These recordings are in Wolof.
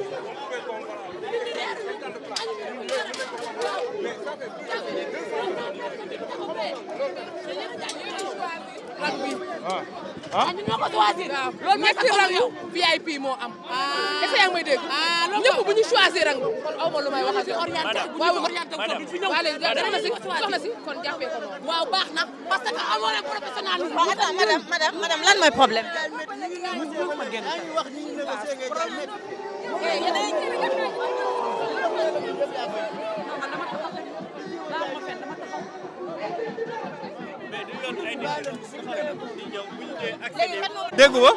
ah ñun ah. ñoo ko choisir. waaw ah. loolu mooy sax rang yow VIP moo am. ah est-ce que yaa ngi may dégg. ah loolu ñëpp bu ñu choisir rang kon aw ma lu may wax ak yow. waaw orienté wu ñu fi ñëw waaw léegi soxna si soxna si kon jàppee ko noonu. waaw baax na parce que amoo leen professionnel. waaw madame madame madame lan mooy problème. dégg nga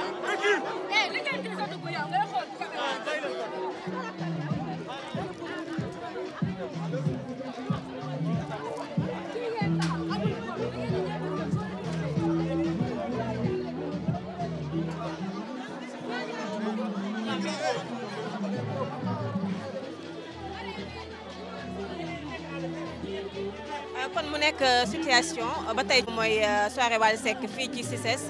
Euh, kon mu nekk euh, situation euh, ba tey mooy soirée Wally sekk fii ci CICES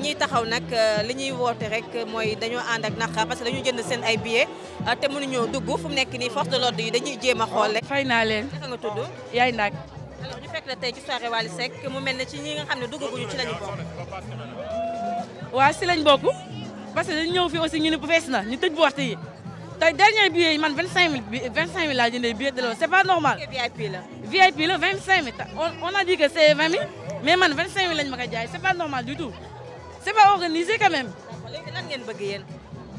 ñiy taxaw nag li ñuy woote rek mooy dañoo ànd ak naqar parce que dañu jënd seen ay billets te ñoo dugg fu mu nekk nii force de l'ordre yi dañuy jéem a xool rek. fay naa leen naka nga yaay nag. alors ñu fekk la tey ci soirée Wally Seck mu mel ne ci ñi nga xam ne duggaguñu ci lañu bokk. waa si lañ bokk. parce que dañu ñëw fii aussi ñu ne bu fees na yi tey dernier billet yi man 25000 bi 25000 laa jëndee billet de loolu c'est pas normal. VIP la VIP la 25000 on a dit que c'est 20000 mais man 25000 lañ ma ko jaay c'est pas normal du tout c'est pas organisé quand même. léegi lan ngeen bëgg yéen.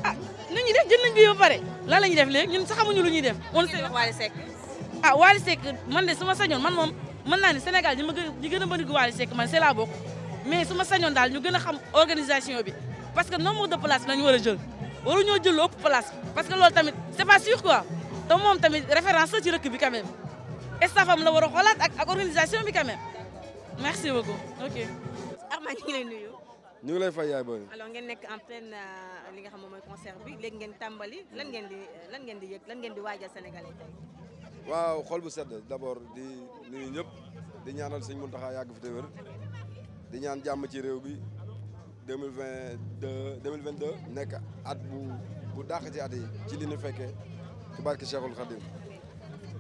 ah nu ñuy def jënd nañ ba pare lan la ñuy def léegi ñun sax xamuñu lu ñuy def. on sait ah, Wally Seck. man de su ma sañoon man moom man naa ne Sénégal ñi ma gën a ñi gën a bëgg Wally man c'est la bokk mais su ma sañoon daal ñu gën a xam organisation bi. parce que nombre de places la ñu war a jël waruñoo jël ëpp place parce que loolu tamit c' pas sûr quoi tamit référence la ci rëkk bi quand même la wor a xoolaat ak organisation bi quand même merci beaucoup ok. Arma ñu ngi lay nuyu. ñu ngi lay fay yaay booy. nekk en pleine euh, li nga xam moom mooy concert bi ngeen tàmbali lan ngeen di lan ngeen di yëg lan ngeen di waajal sénégalais tey. waaw xol bu sedd d' abord di nuyu ñëpp di ñaanal sëñ Muntaxa yàgg fi te wér di jàmm ci réew bi. deux mille vingt deux deux mille vingt deux nekk at bu bu dàq ci at yi ci li ñu fekkee ci barke Cheikhul Khadim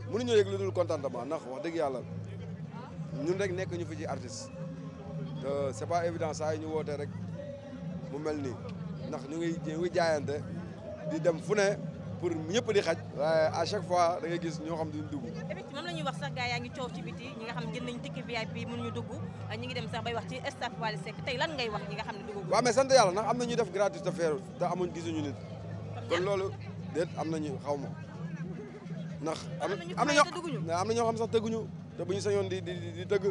mënuñu yëg lu dul contentement ndax wax dëgg yàlla ñun rek nekk ñu fi ci artiste te c' est pas évident saa yi ñu wootee rek mu mel nii ndax ñu ngi ñu ngi di dem fu ne. pour ñëpp di xaj waaye à chaque fois da ngay gis ñoo xam duñ dugg moom la ñuy wax sax gars yaa ngi coow ci biti ñi nga xam jënd nañ tikki VIP mënuñu dugg ñi ngi dem sax bay wax ci staff Wally Seck tey lan ngay wax ñi nga xam ne dugg waaw ndax am na ñuy def am nañu xaw ma ndax am na am na ñoo xam sax tëgguñu te bu ñu sañoon di di di tëgg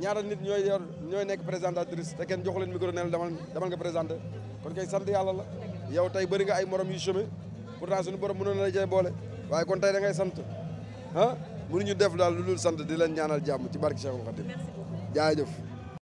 ñaata nit ñooy yor ñooy nekk présentatrice te kenn joxu leen micro neel damal damal nga présenté kon kay sant yàlla la yow tey bëri nga ay morom yu chômé pourtant suñu bor mënoon na la cay boole waaye kon tey da ngay sant ah mënuñu def daal lu dul sant di leen ñaanal jàmm ci barke Cheikhul Khadim jaajëf